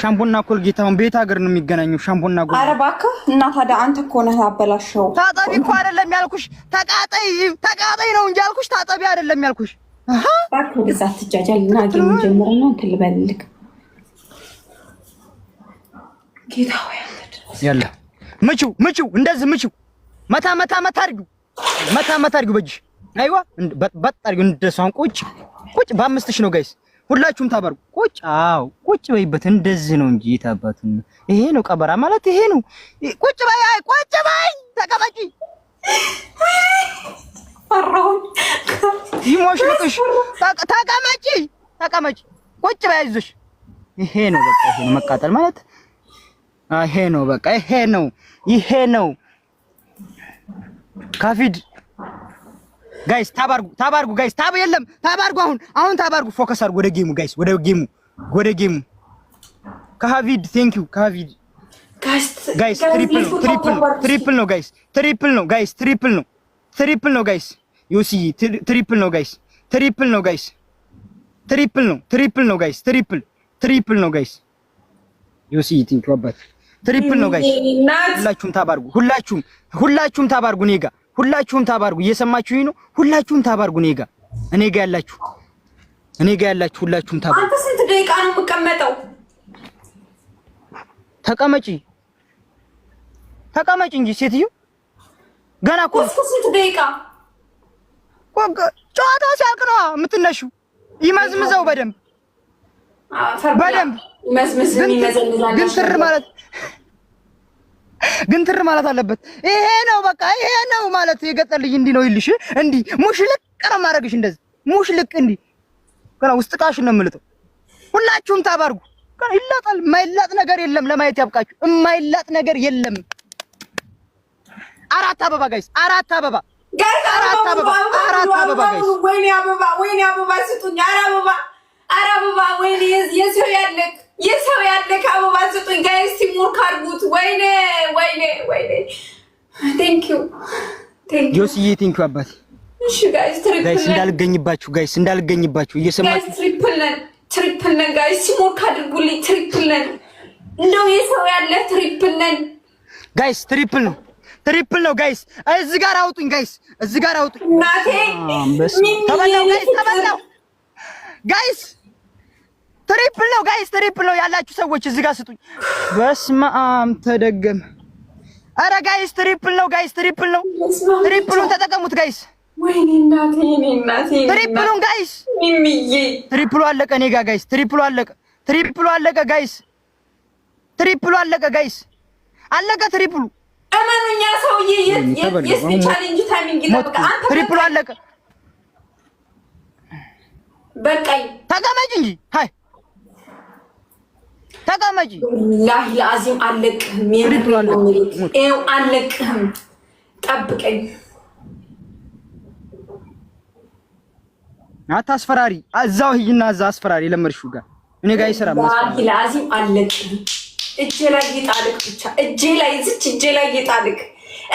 ሻምፖና ኮልጌት አሁን ቤት ሀገር ነው የሚገናኙ። ሻምፖና ኮልጌት። ኧረ እባክህ እና ታዲያ አንተ እኮ ነህ አበላሸው። ታጠቢ እኮ አይደለም ያልኩሽ፣ ተቃጠይ ተቃጠይ ነው እንጂ ያልኩሽ፣ ታጠቢ አይደለም ያልኩሽ። እባክህ ወደዛ አትጃጃል እና ጌም ጀምር ነው እንትን ልበልልክ። ጌታ ሆይ ያለ ምችው ምችው፣ እንደዚህ ምችው፣ መታ መታ መታ አድርጊው፣ መታ መታ አድርጊው በእጅሽ። አይዋ በጣ አድርጊው እንደሷን። ቁጭ ቁጭ፣ በአምስት ሺህ ነው ጋይስ ሁላችሁም ታበሩ ቁጭ አው ቁጭ በይበት። እንደዚህ ነው እንጂ ታባቱን። ይሄ ነው ቀበራ ማለት ይሄ ነው። ቁጭ በይ፣ አይ ቁጭ በይ፣ ተቀመጪ። ፈራው ይሞሽልቅሽ። ተቀመጪ፣ ተቀመጪ፣ ቁጭ በይ፣ አይዞሽ። ይሄ ነው በቃ ይሄ ነው መቃጠል ማለት ይሄ ነው በቃ ይሄ ነው ይሄ ነው ካፊድ ጋይስ ታባርጉ ታባርጉ ጋይስ ታብ የለም ታባርጉ። አሁን አሁን ታባርጉ። ፎከስ አድርጉ ወደ ጌሙ ጋይስ፣ ወደ ጌሙ ወደ ጌሙ። ከሀቪድ ቴንኪው ከሀቪድ ጋይስ። ትሪፕል ነው ትሪፕል ነው ጋይስ፣ ትሪፕል ነው ጋይስ፣ ትሪፕል ነው ትሪፕል ነው ጋይስ። ዮሲ ትሪፕል ነው ጋይስ፣ ትሪፕል ነው ጋይስ፣ ትሪፕል ነው ትሪፕል ነው ጋይስ፣ ትሪፕል ትሪፕል ነው ጋይስ። ዮሲ ቴንኪው አባት ትሪፕል ነው ጋይስ። ሁላችሁም ታባርጉ፣ ሁላችሁም ሁላችሁም ታባርጉ ኔጋ ሁላችሁም ታባርጉ። እየሰማችሁኝ ነው? ሁላችሁም ታባርጉ። እኔ ጋ እኔ ጋ ያላችሁ እኔ ጋ ያላችሁ ሁላችሁም ታባርጉ። አንተ ስንት ደቂቃ ነው የምቀመጠው? ተቀመጪ ተቀመጪ እንጂ ሴትዮ ገና እኮ ስንት ደቂቃ ጨዋታው ሲያልቅ ነዋ የምትነሺው። ይመዝምዘው በደንብ በደንብ ይመዝምዘው፣ ይመዘምዛል ግን ትር ማለት ግን ትር ማለት አለበት። ይሄ ነው በቃ ይሄ ነው ማለት የገጠልኝ እንዲህ ነው ይልሽ፣ እንዲህ ሙሽልቅ ቀረ ማድረግሽ እንደዚህ ሙሽልቅ እንዲህ ገና ውስጥ ቃሽ ነው የምልጠው። ሁላችሁም ታባርጉ ገና ይላጣል። የማይላጥ ነገር የለም። ለማየት ያብቃችሁ። የማይላጥ ነገር የለም። አራት አበባ ጋይስ፣ አራት አበባ አራት አበባ አራት አበባ ጋይስ፣ ወይኔ አበባ፣ ወይኔ አበባ ስጡኝ። አረ አበባ፣ አረ አበባ፣ ወይኔ የዚህ ያለክ የሰው ያለ አበባ ስጡኝ ጋይስ፣ ሲሙር ካርጉት። ወይኔ ወይኔ ወይኔ። ቴንክ ጆስዬ፣ ቴንክ ዩ አባቴ። እሺ ጋይስ፣ ትሪፕል ጋይስ፣ እንዳልገኝባችሁ ጋይስ፣ እንዳልገኝባችሁ እየሰማችሁ ትሪፕል ነን፣ ትሪፕል ነን ጋይስ፣ ሲሙር ካድርጉልኝ። ትሪፕል ነን፣ እንደው የሰው ያለ ትሪፕል ነን ጋይስ፣ ትሪፕል ነው ትሪፕል ነው ጋይስ። እዚህ ጋር አውጡኝ ጋይስ፣ እዚህ ጋር አውጡኝ። ተበላው ጋይስ፣ ተበላው ጋይስ ትሪፕል ነው ጋይስ፣ ትሪፕል ነው ያላችሁ ሰዎች እዚህ ጋር ስጡኝ። በስመ አብ ተደገመ። አረ ጋይስ ትሪፕል ነው ጋይስ፣ ትሪፕል ነው። ትሪፕሉን ተጠቀሙት ጋይስ። ወይኔ ትሪፕሉን ጋይስ፣ ትሪፕሉ አለቀ። እኔ ጋር ጋይስ፣ ትሪፕሉ አለቀ። ትሪፕሉ አለቀ ጋይስ፣ ትሪፕሉ አለቀ ጋይስ፣ አለቀ ትሪፕሉ። እመኑኛ ሰውዬ፣ ቻሌንጅ ታይሚንግ ትሪፕሉ አለቀ። በቃኝ፣ ተቀመጭ እንጂ ተቀመጪ። ላህ ለአዚም አለቅህም፣ ይኸው አለቅህም። ጠብቀኝ፣ አታስፈራሪ። እዛው ሂጂና እዛ አስፈራሪ፣ የለመድሽው ጋር እኔ ጋር ይሰራል። ወላሂ ለአዚም አለቅህም። እጄ ላይ ይጣልቅ ብቻ፣ እጄ ላይ ዝች፣ እጄ ላይ ይጣልቅ፣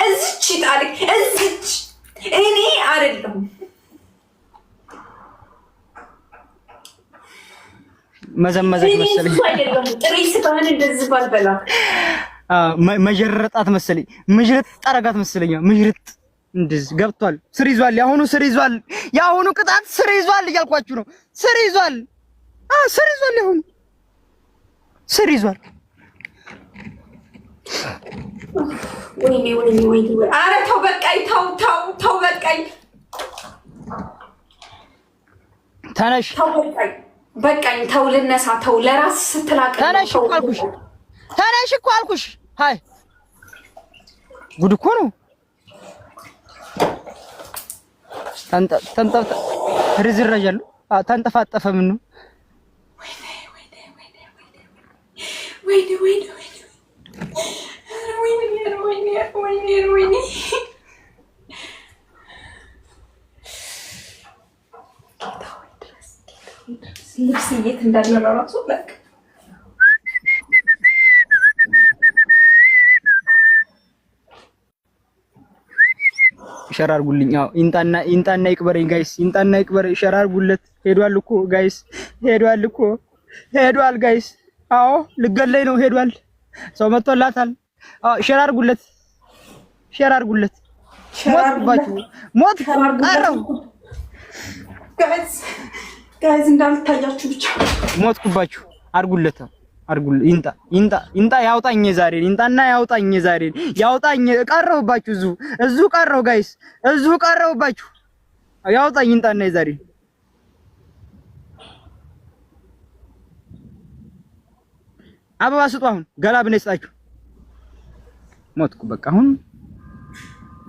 እዝች ይጣልቅ፣ እዝች። እኔ አይደለም መዘመዘች መሰለኝ። ጥሬ ስለሆነ እንደዚህ ባልበላ መጀረጣት መሰለኝ። ምጅርጥ አረጋት መሰለኝ። ምጅርጥ እንደዚህ ገብቷል። ስር ይዟል። የአሁኑ ስር ይዟል። የአሁኑ ቅጣት ስር ይዟል እያልኳችሁ ነው። ስር ይዟል። አዎ ስር ይዟል። የአሁኑ ስር ይዟል። ወይኔ ወይኔ ወይኔ! ኧረ ተው በቃኝ! ተው ተው ተው በቃኝ! ተነሽ ተው በቃኝ! በቃኝ ተው፣ ልነሳ ተው። ለራስ ስትላቅ ተነሽ እኮ አልኩሽ፣ ተነሽ እኮ አልኩሽ። ሀይ ጉድ እኮ ነው። ርዝረዣሉ ተንጠፋጠፈ። ምን ነው ልብስ የት እንዳለ ራሱ በቃ ሸር አድርጉልኝ። አዎ ይንጣና ይንጣና ይቅበረኝ ጋይስ፣ ይንጣና ይቅበረኝ። ሸር አድርጉለት። ሄዷል እኮ ጋይስ፣ ሄዷል እኮ ሄዷል ጋይስ። አዎ ልገለይ ነው። ሄዷል። ሰው መጥቶላታል። አዎ ሸር አድርጉለት፣ ሸር አድርጉለት። ሞት ባጭ ሞት ቀረው ጋይስ ጋይዝ እንዳልታያችሁ ብቻ ሞትኩባችሁ። አርጉለት አርጉለት፣ ይንጣ ይንጣ ይንጣ፣ ያውጣኝ ዛሬ ይንጣና ያውጣኝ ዛሬ ያውጣኝ። ቀረሁባችሁ፣ እዙ እዙ ቀረሁ ጋይስ፣ እዙ ቀረሁባችሁ። ያውጣኝ ይንጣና ዛሬ አበባ ስጡ። አሁን ገላ ነው ሞትኩ በቃ። አሁን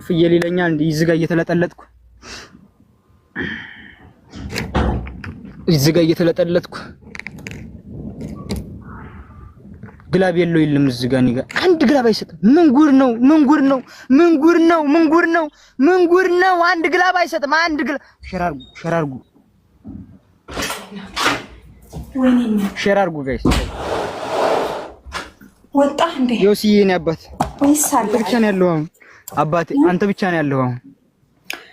ፍየል ይለኛል እንዲህ እዚህ ጋ እየተለጠለጥኩ እዚህ ጋር እየተለጠለጥኩ ግላብ የለው የለም። እዚህ ጋር እኔ ጋር አንድ ግላብ አይሰጥም። ምን ጉር ነው? ምን ጉር ነው? ምን ጉር ነው? ምን ጉር ነው? ምን ጉር ነው? አንድ ግላብ አይሰጥም። አንድ ግላብ ሸራርጉ፣ ሸራርጉ፣ ወይኔ ሸራርጉ። ጋይስ ወጣ እንዴ? ዮሲ የኔ አባት ብቻ ነው ያለው አሁን። አባቴ አንተ ብቻ ነው ያለው አሁን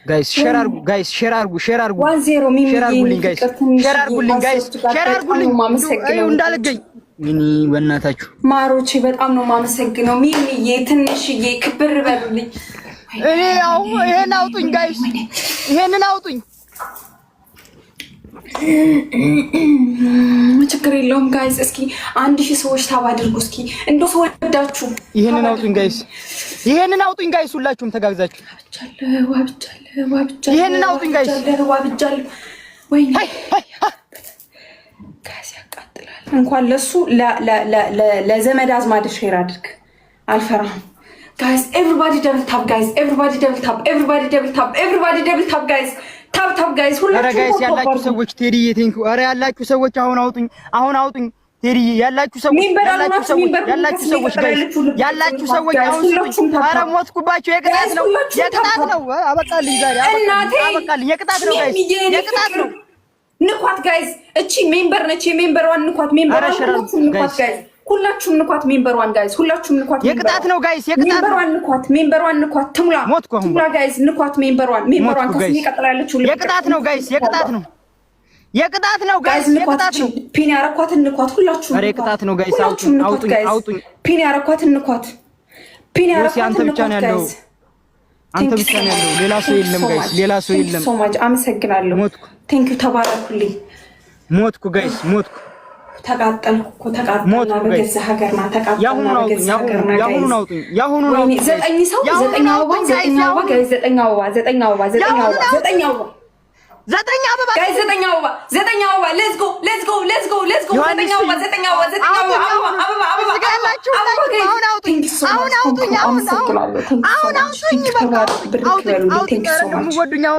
ጋይስ ሼር አርጉ፣ ጋይስ ሼር አርጉ፣ ሼር አርጉ፣ ሼር አርጉልኝ ጋይስ፣ ሼር አርጉልኝ ጋይስ፣ ሼር አርጉልኝ እንዳልገኝ ሚኒ በእናታችሁ ማሮቼ፣ በጣም ነው ማመሰግነው ሚኒዬ ትንሽዬ ክብር በሉልኝ። እኔ ያው ይሄን አውጡኝ ጋይስ፣ ይሄንን አውጡኝ። ችግር የለውም ጋይዝ። እስኪ አንድ ሺህ ሰዎች ታብ አድርጉ። እስኪ እንዶ ወዳችሁ ይሄንን አውጡኝ ጋይስ፣ ይሄንን አውጡኝ ጋይስ፣ ሁላችሁም ተጋግዛችሁ ይሄንን አውጡኝ ጋይዝ። ዋብጃለሁ ወይ ጋይስ፣ ያቃጥላል። እንኳን ለሱ ለዘመድ አዝማድ ሼር አድርግ። አልፈራም ደብል ታብ፣ ኤቭሪባዲ ደብል ታብ፣ ኤቭሪባዲ ደብል ታብ ጋይስ ኤቭሪባዲ ደብል ታብ ኤቭሪባዲ ደብል ታብ ኤቭሪባዲ ደብል ታብ ጋይስ ታብታብ ጋይስ ሁላችሁ ጋይስ ያላችሁ ሰዎች ቴዲዬ ቴንኩ። አረ ያላችሁ ሰዎች አሁን አውጡኝ፣ አሁን አውጡኝ ቴዲዬ ያላችሁ ሰዎች ያላችሁ ሰዎች ያላችሁ ሰዎች ጋይስ ያላችሁ ሰዎች አሁን ስጡኝ። አረ ሞትኩባችሁ። የቅጣት ነው የቅጣት ነው። አበቃልኝ ዛሬ አበቃልኝ። የቅጣት ነው ጋይስ የቅጣት ነው። ንኳት ጋይስ። እቺ ሜምበር ነች። የሜምበሯን ንኳት። ሜምበሯን ንኳት ጋይስ ሁላችሁም ንኳት፣ ሜምበሯን ጋይዝ፣ ሁላችሁም ንኳት። የቅጣት ነው ጋይዝ፣ የቅጣት ነው። ንኳት ሜምበሯን፣ ንኳት ትሙላ፣ ትሙላ ጋይዝ፣ ንኳት ሜምበሯን፣ ሜምበሯን ከስሜ ቀጥላለች። የቅጣት ነው ጋይዝ፣ የቅጣት ነው። የቅጣት ነው ጋይዝ፣ የቅጣት ነው። ፒን ያረኳትን ንኳት፣ ሁላችሁም። ኧረ የቅጣት ነው ጋይዝ፣ አውጡኝ፣ አውጡኝ፣ አውጡኝ። ፒን ያረኳትን ንኳት፣ ፒን ያረኳት ንኳት ሁላችሁም ኧረ የቅጣት ነው ጋይዝ አውጡኝ አውጡኝ አውጡኝ ፒን ያረኳት ንኳት ፒን ያረኳት። አንተ ብቻ ንኳት ያለው፣ አንተ ብቻ ነው ያለው፣ ሌላ ሰው የለም ጋይዝ፣ ሌላ ሰው የለም። ሶማጅ አመሰግናለሁ። ሞትኩ፣ ቴንኪው፣ ተባረኩልኝ። ሞትኩ ዩ ተባረኩልኝ ሞትኩ ተቃጠልኩ እኮ ተቃጠልና በገዛ ሀገር ና ተቃጠልና በገዛ ሀገር ና ዘጠኝ ሰው ዘጠኝ አበባ ዘጠኝ አበባ ዘጠኝ አበባ ዘጠኝ አበባ ዘጠኝ አበባ ዘጠኝ አበባ ዘጠኝ አበባ ጋይ ዘጠኝ አበባ ዘጠኝ አበባ ሌትስ ጎ ሌትስ ጎ ሌትስ ጎ ሌትስ ጎ ዘጠኝ አበባ ዘጠኝ አበባ ዘጠኝ አበባ አበባ አበባ አበባ ጋላችሁ ሁላችሁ አሁን አውጡኝ አሁን አውጡኝ አሁን አሁን አሁን አውጡኝ በቃ አውጡኝ አውጡኝ አውጡኝ ወዱኛው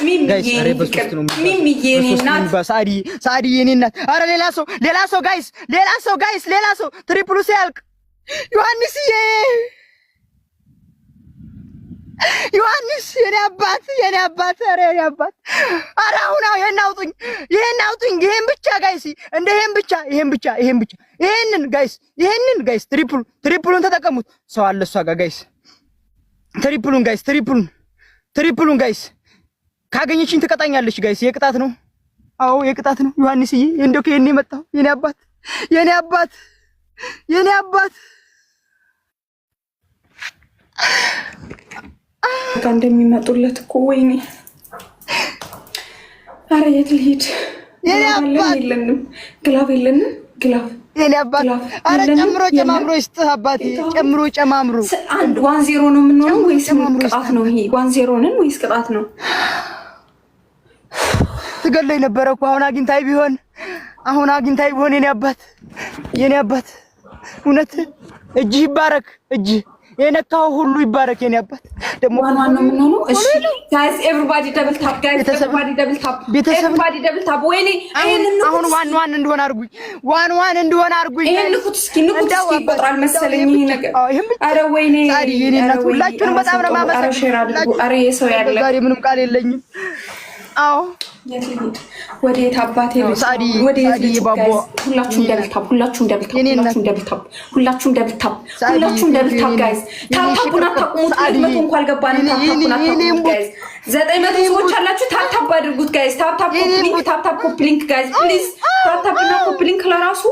ሳዲ የኔ እናት። ኧረ ሌላ ሰው ሌላ ሰው ጋይስ ሌላ ሰው ጋይስ ሌላ ሰው ትሪፕሉ ሲያልቅ ዮሐንስዬ ዮሐንስ የኔ አባት የኔ አባት ኧረ የኔ አባት ኧረ አሁን ይሄን አውጡኝ ይሄን አውጡኝ ይሄን ብቻ ጋይስ እንደ ይሄን ብቻ ይሄን ብቻ ይሄን ብቻ ይሄንን ጋይስ ይሄንን ጋይስ ትሪፕሉ ትሪፕሉን ተጠቀሙት። ሰው አለ እሷ ጋር ጋይስ ትሪፕሉን ጋይስ ትሪፕሉን ትሪፕሉን ጋይስ ካገኘችኝ ትቀጣኛለች። ጋይስ የቅጣት ነው። አዎ የቅጣት ነው። ዮሐንስዬ እንደው ከየኔ መጣሁ። የኔ አባት የኔ አባት የኔ አባት ጋ እንደሚመጡለት እኮ ወይኔ፣ አረ የት ልሂድ? የኔ አባት የለንም ግላፍ የለንም ግላፍ የኔ አባት አረ ጨምሮ ጨማምሮ ይስጥህ አባቴ፣ ጨምሮ ጨማምሮ። አንድ ዋን ዜሮ ነው የምንሆነው ወይስ ቅጣት ነው? ይሄ ዋን ዜሮ ነን ወይስ ቅጣት ነው? ትገለኝ ነበረ እኮ አሁን አግኝታይ ቢሆን አሁን አግኝታይ ቢሆን የኔ አባት የኔ አባት እውነት እጅህ ይባረክ፣ እጅህ የነካው ሁሉ ይባረክ የኔ አባት። ደግሞ ማን ነው የምንሆነው? እሺ ደብል ታፕ፣ ደብል ታፕ፣ ደብል ታፕ። አሁን ዋን ዋን እንደሆነ አድርጉኝ፣ ዋን ዋን እንደሆነ አድርጉኝ። ይሄን እስኪ ንኩት እስኪ ነገር። እናት፣ ሁላችሁንም በጣም ነው የማመሰግነው። የሰው ያለ ዛሬ ምንም ቃል የለኝም። አዎ ወዴት አባቴ ሁላችሁም ሁላችሁም ሁላችሁም ሁላችሁም ጋይዝ አታቁሙት። መቶ እንኳ አልገባንም። አታቁሙት ዘጠኝ መቶ ሰዎች አላችሁ። አድርጉት ጋይዝ። ኮፕሊንክ፣ ታፕታፕ ኮፕሊንክ ጋይዝ ፕሊዝ። ታፕታፕና ኮፕሊንክ ለራሱ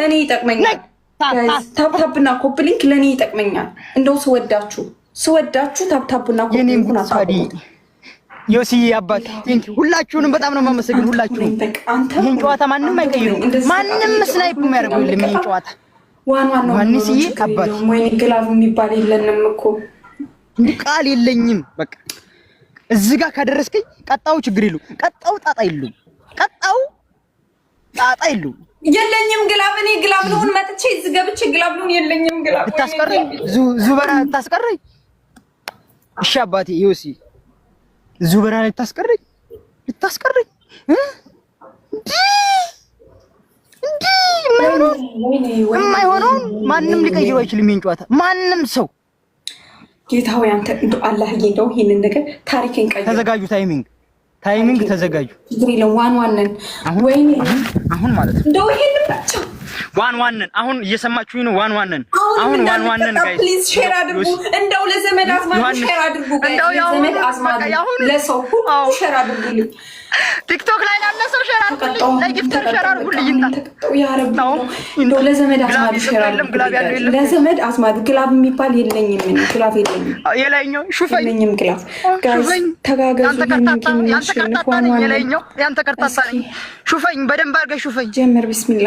ለእኔ ይጠቅመኛል። ታፕታፕና ኮፕሊንክ ለእኔ ይጠቅመኛል። እንደው ስወዳችሁ ስወዳችሁ ኮፕሊንኩን ዮሲዬ አባት ሁላችሁንም በጣም ነው የማመሰግን። ሁላችሁም ይህን ጨዋታ ማንም አይቀይሩ፣ ማንም ስናይፕ የሚያደርገው የለም። ይህን ጨዋታ ዮሐንስዬ አባት የሚባል የለንም እኮ ቃል የለኝም። በቃ እዚህ ጋር ካደረስከኝ ቀጣው ችግር የሉ፣ ቀጣው ጣጣ የሉ፣ ቀጣው ጣጣ የሉ የለኝም ግላብ እኔ ግላብ ልሁን መጥቼ እዚህ ገብቼ ግላብ ልሁን የለኝም ግላብ ብታስቀረኝ ዙበራ ብታስቀረኝ እሺ አባቴ ዮሲ እዚሁ በረሃ ላይ ልታስቀረኝ ልታስቀረኝ የማይሆነውን ማንም ሊቀይረው አይችልም። ይሄን ጨዋታ ማንም ሰው ጌታዊ አንተ እንደው አላህ እንደው ይሄንን ነገር ታሪክን ቀይር። ተዘጋጁ ታይሚንግ ታይሚንግ ተዘጋጁ። ዋን ዋን ነን አሁን ማለት ነው። እንደው ይሄንን ናቸው ዋን ዋንን አሁን እየሰማችሁኝ ነው። ዋን ዋንን አሁን ዋን ዋንን ጋይ ጋይስ፣ ፕሊዝ ሼር አድርጉ። እንደው ለዘመድ አዝማድ ሼር አድርጉ። ለሰው ሁሉ ሼር አድርጉልኝ። ቲክቶክ ላይ ላለ ሰው ሸር አድርጉልኝ፣ ለጊፍተር አድርጉልኝ። እንደው ለዘመድ አዝማድ አድርጉልኝ። ለዘመድ አዝማድ ግላብ የሚባል የለኝም፣ ግላብ የለኝም፣ የላይኛው ሹፈኝ የለኝም። ግላብ ተጋገዙ። ያንተ ከርታታ ነኝ። ሹፈኝ፣ በደንብ አድርገሽ ሹፈኝ። ጀምር። ቢስሚላ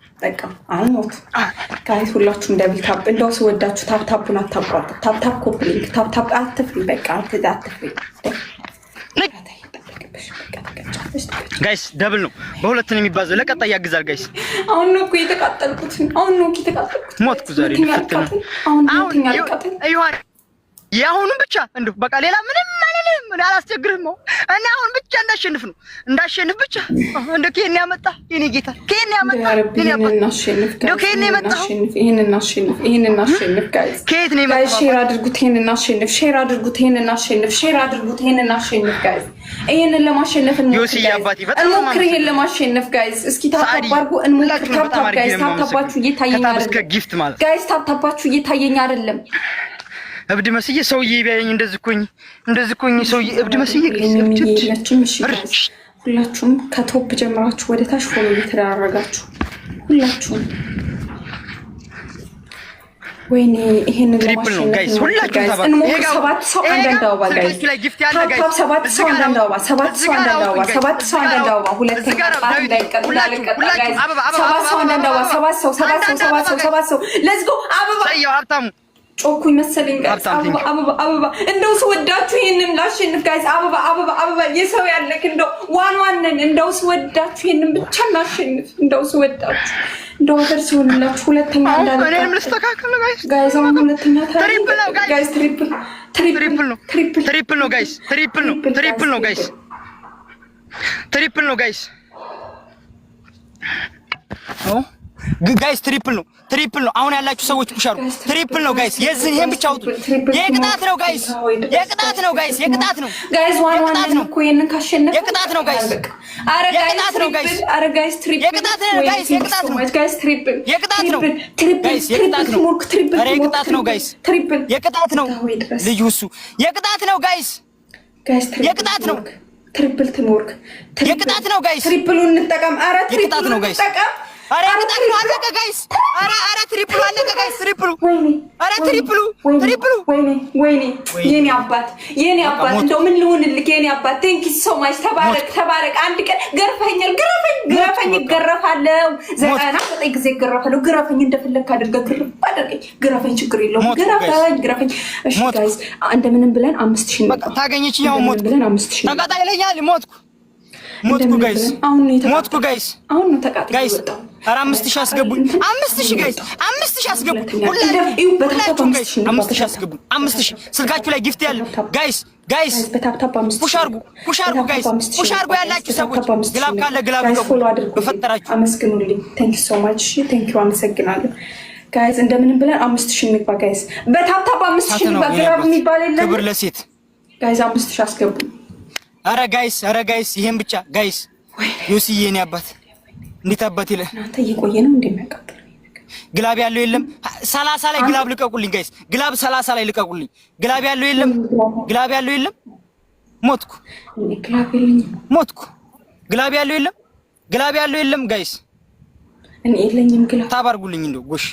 በቃ አሁን ሞት ከአይነት ሁላችሁም ደብል ታፕ እንደው ስወዳችሁ ታፕታፑን አታቋርጥ። ታፕታፕ ኮፕሊንግ ታፕታፕ አትፍሪ። በቃ አትፍሪ ጋይስ፣ ደብል ነው በሁለት ነው የሚባዘው። ለቀጣይ ያግዛል ጋይስ። አሁን ነው እኮ የተቃጠልኩት። አሁን ነው እኮ የተቃጠልኩት። ሞትኩ ዛሬ። አሁን የአሁኑን ብቻ እንደው በቃ ሌላ ምንም አላስቸግርህም፣ እኔ አላስቸግርህም። እና አሁን ብቻ እንዳሸንፍ ነው እንዳሸንፍ ብቻ። እንደ ኬን ያመጣ የኔ ጌታ ኬን ያመጣ ኬን የመጣ ከየት ነው የመጣ? ሼር አድርጉት፣ ይሄን እናሸንፍ። ሼር አድርጉት፣ ይሄን እናሸንፍ። ሼር አድርጉት፣ ይሄን እናሸንፍ። ጋይዝ ይሄንን ለማሸነፍ እንሞክር። ይሄን ለማሸነፍ ጋይዝ እስኪ ታታባርጉ እንሞክር። ታብታብ ጋይዝ ታብታባችሁ እየታየኝ አይደለም። ጋይዝ ታብታባችሁ እየታየኝ አይደለም። እብድ መስዬ ሰውዬ ቢያየኝ እንደዚህ እኮኝ እንደዚህ እኮኝ ሰውዬ እብድ መስዬ ሁላችሁም ከቶፕ ጀምራችሁ ወደ ታች ሆኖ እየተደራረጋችሁ ሁላችሁም ወይኔ ይሄን ትሪፕል ነው ጋይስ፣ ሁላችሁም ሰባት ሰው ሰባት ሰው ሰባት ሰው ሰባት ሰው ሰባት ሰባት ሰው ሰባት ሰው ሰባት ሰው ሰባት ሰው ሌትስ ጎ ጮኩኝ መሰለኝ። ጋይስ አበባ አበባ አበባ እንደው ስወዳችሁ ይሄንን ላሸንፍ ጋይስ። አበባ አበባ አበባ የሰው ያለክ እንደው ዋን ዋን ነን። እንደው ስወዳችሁ ይሄንን ብቻ ላሸንፍ። እንደው ስወዳችሁ እንደው ሀገር ሲሆንላችሁ ሁለተኛ እንዳልተስተካከለ ጋይስ ጋይስ፣ አሁን ሁለተኛ ትሪፕል ነው ጋይስ። ትሪፕል ትሪፕል ነው ትሪፕል ነው ጋይስ። ትሪፕል ነው ትሪፕል ነው ጋይስ። ትሪፕል ነው ጋይስ። አዎ ጋይስ ትሪፕል ነው፣ ትሪፕል ነው። አሁን ያላችሁ ሰዎች ቁሻሩ ትሪፕል ነው ጋይስ። የዚህ ይሄን ብቻ አውጡ። የቅጣት ነው ጋይስ፣ የቅጣት ነው ጋይስ፣ የቅጣት ነው ጋይስ። ዋን ዋን ነው እኮ ይሄንን ካሸነፈ የቅጣት ነው ጋይስ። አረ ጋይስ ነው ጋይስ፣ አረ ጋይስ ትሪፕል፣ የቅጣት ነው ጋይስ፣ የቅጣት ነው ጋይስ፣ ትሪፕል፣ የቅጣት ነው ጋይስ፣ የቅጣት ነው ትሪፕል፣ አረ የቅጣት ነው ጋይስ፣ ትሪፕል፣ የቅጣት ነው ልዩ እሱ የቅጣት ነው ጋይስ፣ ጋይስ የቅጣት ነው ትሪፕል፣ ትሞርክ የቅጣት ነው ጋይስ። ትሪፕሉን እንጠቀም፣ አረ ትሪፕሉን እንጠቀም አረ አረጣችሁ አለቀ ጋይስ። አረ አረ ትሪፕሉ አለቀ ጋይስ። ትሪፕሉ አረ ትሪፕሉ ትሪፕሉ። ወይኔ ወይኔ የኔ አባት የኔ አባት እንደው ምን ልሁንልክ የኔ አባት። ቴንክ ዩ ሶ ማች። ተባረክ ተባረክ። አንድ ቀን ገርፈኛል። ግረፈኝ ግረፈኝ፣ እገረፋለሁ። ዘጠና ዘጠኝ ጊዜ እገረፋለሁ። ግረፈኝ እንደፈለግክ አድርገህ ግርፍ አድርገኝ። ግረፈኝ፣ ችግር የለውም። ግረፈኝ ግረፈኝ። እሺ ጋይስ እንደምንም ብለን አምስት ሺህ ታገኘች። ያው ሞት ብለን አምስት ሺህ ተቃጣ ይለኛል። ሞትኩ ሞትኩ ጋይስ ሞትኩ ጋይስ። አሁን ነው ተቃጣ ጋይስ ኧረ አምስት ሺህ አስገቡኝ። አምስት ሺህ ጋይስ፣ አምስት ሺህ አስገቡኝ። ሁላችሁም ጋይስ አምስት ሺህ አስገቡኝ። አምስት ሺህ ስልካችሁ ላይ ጊፍት ያለ ጋይስ፣ ጋይስ ፑሽ አድርጉ፣ ፑሽ አድርጉ ጋይስ፣ ፑሽ አድርጉ ያላችሁ ሰዎች ግላብ ካለ ግላብ በፈጠራችሁ አመስግኑልኝ። ቴንክ ዩ ሶ ማች ቴንክ ዩ አመሰግናለሁ። ጋይስ እንደምንም ብለን አምስት ሺህ እንግባ ጋይስ፣ በታፕታፕ አምስት ሺህ እንግባ። ግራብ የሚባል የለም። ክብር ለሴት ጋይስ፣ አምስት ሺህ አስገቡ። ኧረ ጋይስ፣ ኧረ ጋይስ፣ ይሄን ብቻ ጋይስ። ዩሲ የኔ አባት እንዴት አባት ይለ እናንተ እየቆየ ነው እንደሚያቀጥል ግላብ ያለው የለም። ሰላሳ ላይ ግላብ ልቀቁልኝ ጋይስ፣ ግላብ ሰላሳ ላይ ልቀቁልኝ። ግላብ ያለው የለም። ግላብ ያለው የለም። ሞትኩ፣ ሞትኩ። ግላብ ያለው የለም። ግላብ ያለው የለም ጋይስ፣ እኔ የለኝም። ግላብ ታባርጉልኝ እንደው ጎሽ፣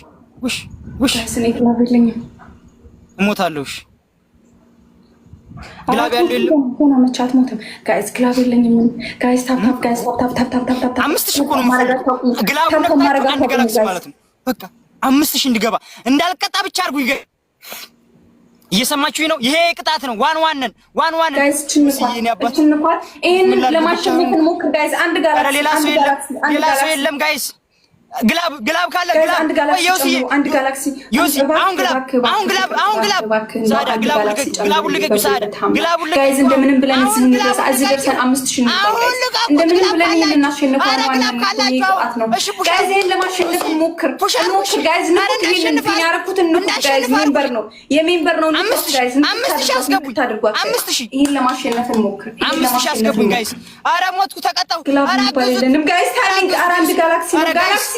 ጎሽ፣ ጎሽ፣ እኔ ግላብ የለኝም፣ እሞታለሁ። እሺ ግላብ ያለው ጋይስ ግላብ የለኝም። ጋይስ ታፕ ጋይስ ታፕ ታፕ አምስት ሺህ እኮ ነው ግላብ አንድ ጋላክሲ ማለት ነው። በቃ አምስት ሺህ እንድገባ እንዳልቀጣ ብቻ አድርጉ። ይገ እየሰማችሁ ነው። ይሄ ቅጣት ነው። ዋን ዋንን ዋን ዋን ጋይስ ችንኳል። ይሄንን ለማሸነፍ እንሞክር ጋይስ። አንድ ጋላክሲ ሌላ ሰው የለም ጋይስ ግላብ ግላብ ካለ አንድ ጋላክሲ አንድ ጋላክሲ አሁን ግላብ አሁን ግላብ አሁን ግላብ ሳዳ ልቀቅ ሳዳ ልቀቅ ጋይዝ እንደምንም ብለን እዚህ እዚህ ደርሰን አምስት ሺህ እንደምንም ብለን ይሄን እናሸንፈው ነው ጋይዝ ይሄን ሞክር ሞክር ጋይዝ ነው ይሄን ያረኩት ጋይዝ ሜምበር ነው የሜምበር ነው ጋይዝ አምስት ሺህ አስገቡኝ አምስት ሺህ ይሄን ለማሸነፍ ሞክር አምስት ሺህ አስገቡኝ ጋይዝ አረ ሞትኩ ተቀጣሁ አረ ጋይዝ አረ አንድ ጋላክሲ ጋላክሲ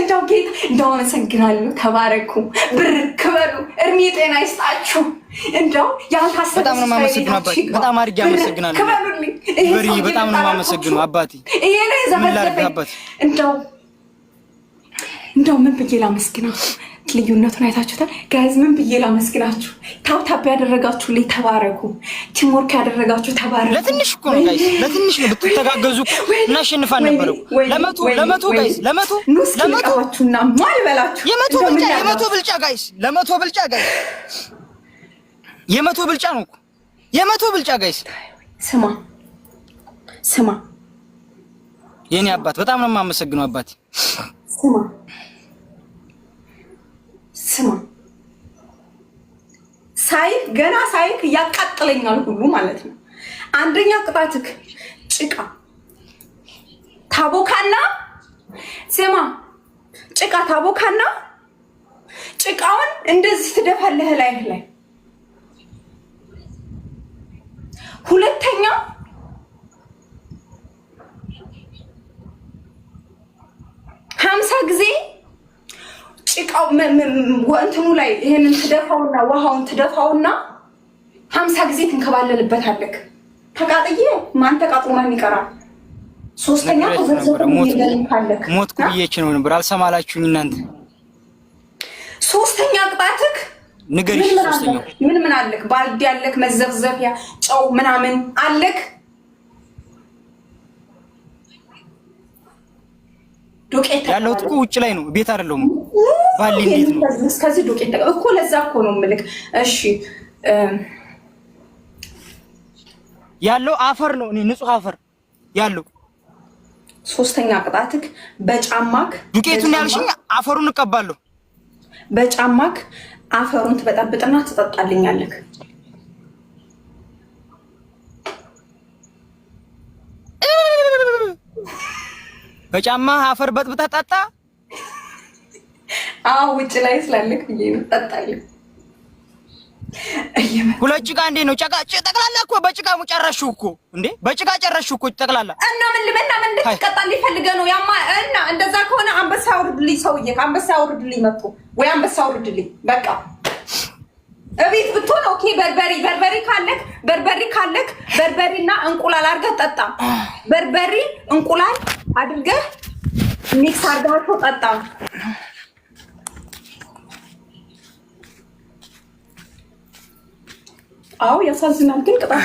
እንደው ጌታ እንደው አመሰግናለሁ። ተባረኩ፣ ብር በሉ፣ እድሜ ጤና ይስጣችሁ። እንደው ያልታሰበ በጣም ነው የማመሰግነው። በጣም አድርጌ አመሰግናለሁ። በጣም ነው የማመሰግነው አባቴ። ይሄ ነው የዘበዘበኝ። እንደው እንደው ምን ብዬ ላመስግናችሁ ልዩነቱን አይታችሁታል ጋይዝ። ምን ብዬ ላመስግናችሁ? ያደረጋችሁ ላይ ተባረኩ። ቲምወርክ ያደረጋችሁ ተባረኩ። ለትንሽ እኮ ነው ጋይዝ፣ ለትንሽ ነው ብትተጋገዙ እናሸንፋን ነበር። ለመቶ ለመቶ ጋይዝ፣ ለመቶ ለመቶችሁና ማል በላችሁ። የመቶ ብልጫ የመቶ ብልጫ ጋይዝ፣ ለመቶ ብልጫ ጋይዝ፣ የመቶ ብልጫ ነው እኮ የመቶ ብልጫ ጋይዝ። ስማ ስማ፣ የኔ አባት በጣም ነው የማመሰግነው አባቴ። ስማ ስማ ሳይክ ገና ሳይክ ያቃጥለኛል ሁሉ ማለት ነው። አንደኛ ቅጣትክ ጭቃ ታቦካና ስማ ጭቃ ታቦካና ጭቃውን እንደዚህ ትደፋለህ ላይ ላይ። ሁለተኛ ሀምሳ ጊዜ ጭቃው እንትኑ ላይ ይሄንን ትደፋውና ውሃውን ትደፋውና ሀምሳ ጊዜ ትንከባለልበታለህ። ተቃጥዬ ማን ተቃጥሎ ይቀራል? ሶስተኛ ተዘርዘሩካለክ ሞት ኩብዬች ነው ነበር አልሰማላችሁኝ እናንተ። ሶስተኛ ቅጣትክ ንገሪሽ። ምን ምን አለክ? ባልዲ አለክ፣ መዘፍዘፊያ ጨው ምናምን አለክ ዶቄት ያለሁት እኮ ውጭ ላይ ነው፣ ቤት አይደለሁም። ባል እንዴት ነው እስከዚህ ዱቄት እኮ ለዛ እኮ ነው የምልክ። እሺ ያለው አፈር ነው፣ እኔ ንጹህ አፈር ያለው ሶስተኛ ቅጣትክ በጫማክ ዱቄቱን ያልሽኝ አፈሩን እቀባለሁ። በጫማክ አፈሩን ትበጣብጥና ትጠጣልኛለክ በጫማ አፈር በጥብጠህ ጠጣ። አዎ ውጭ ላይ ስላለክ ብዬ ነው ጠጣለሁ። ሁለት ጭቃ እንዴ ነው ጫቃ ጠቅላላ እኮ በጭቃ ጨረሹ እኮ እንዴ በጭቃ ጨረሹ እኮ ጠቅላላ። እና ምን ልበና ምን ልትቀጣ ሊፈልገ ነው ያማ። እና እንደዛ ከሆነ አንበሳ ውርድልኝ፣ ሰውዬ አንበሳ ውርድልኝ፣ መጥቶ ወይ አንበሳ ውርድልኝ። በቃ እቤት ብትሆን ኦኬ። በርበሪ በርበሪ ካለክ በርበሪ ካለክ በርበሬና እንቁላል አድርገህ ጠጣ። በርበሪ እንቁላል አድርገህ ሚክስ አድርገህ ጠጣ። አዎ ያሳዝናል፣ ግን ቅጣት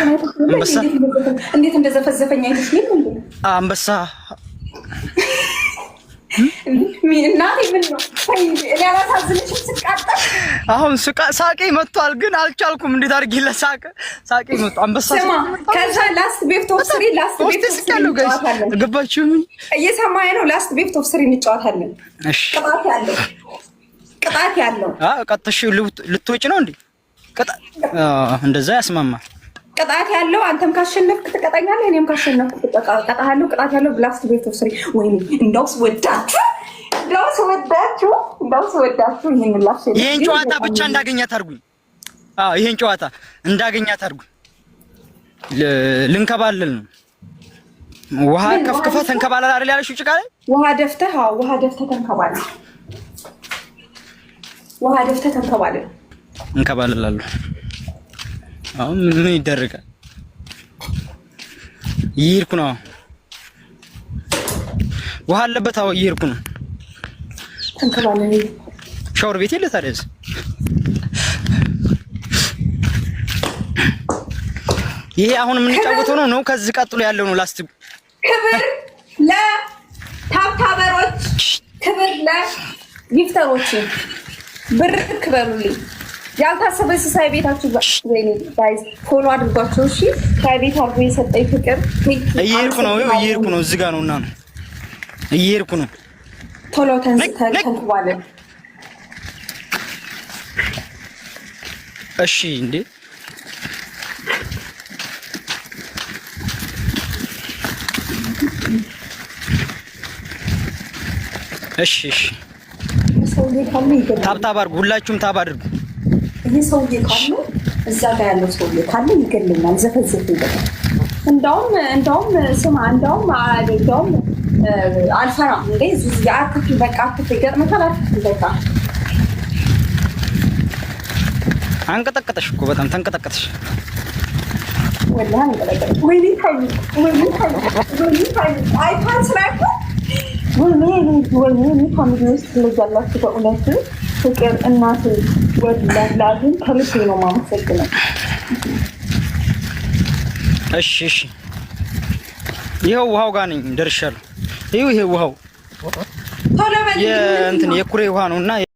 እንዴት እንደዘፈዘፈኝ አይነት አንበሳ አሁን ሳቄ መጥቷል፣ ግን አልቻልኩም። እንዴት አድርጌ ለሳቅ ሳቄ መጥቷል። አንበሳ ከዛ ላስት ቤፍት ኦፍ ስሪ ላስት ቤፍት ኦፍ ስሪ እንጫወታለን። እየሰማኸኝ ነው? ላስት ቤፍት ኦፍ ስሪ እንጫወታለን። ቅጣት ያለው ቅጣት ያለው። ቀጥሽ ልትወጪ ነው እንዴ? እንደዛ ያስማማል። ቅጣት ያለው አንተም ካሸነፍክ ትቀጣኛለህ፣ እኔም ካሸነፍክ ትቀጣለህ። ቅጣት ያለው ብላስት ቤት ወስሪ ወይ እንደውስ ወዳችሁ እንደውስ ወዳችሁ እንደውስ ወዳችሁ ይህን ላሽ ይህን ጨዋታ ብቻ እንዳገኛት አድርጉኝ። ይህን ጨዋታ እንዳገኛት አድርጉኝ። ልንከባልል ነው። ውሃ ከፍክፈ ተንከባላል አይደል ያለሽ? ጭቃ ላይ ውሃ ደፍተ ውሃ ደፍተ ተንከባልል ውሃ ደፍተ ተንከባልል እንከባልላለሁ አሁን ምን ምን ይደረጋል? እየሄድኩ ነው። ውሃ አለበት። አዎ እየሄድኩ ነው። ሻወር ቤት የለ ታዲያ ይሄ አሁን የምንጫወተው ነው ነው ከዚህ ቀጥሎ ያለው ነው። ላስት ክብር ለታብታበሮች፣ ክብር ለጊፍተሮች፣ ብር ክበሩልኝ። ያልታሰበ ስሳይ ቤታችሁ ፎሎ አድርጓቸው። እሺ ሳይ አድርጎ የሰጠኝ ፍቅር እየሄድኩ ነው እየሄድኩ ነው እዚህ ጋ ነው እና ነው እየሄድኩ ነው። ቶሎ ተንኩባለን። እሺ እንዴ እሺ እሺ ታብታብ አድርጉ፣ ሁላችሁም ታብ አድርጉ። ይህ ሰውዬ ካለ እዛ ጋር ያለው ሰውዬ ካለ ይገልናል፣ ዘፈዘፍ ይበላል። እንደውም እንደውም ስማ እንደውም እንደውም አልፈራም እንዴ የአክፍ በቃ አክፍ ይገጥመታል። አክፍ በቃ አንቀጠቀጠሽ እኮ በጣም ተንቀጠቀጠሽ። ወላሂ አንቀጠቀጠሽ። ወይኔ ታይም ወይኔ ታይም ወይኔ ታይም አይፋን ስራ እኮ ወይኔ ወይኔ ፋሚሊ ውስጥ ልጅ ያላችሁ በእውነት ፍቅር እናት ወላላግን ከልቤ ነው ማመሰግነው። እሺ እሺ፣ ይኸው ውሃው ጋር ነኝ ደርሻለሁ። ይኸው ይሄ ውሃው ቶሎ በል እንትን የኩሬ ውሃ ነውና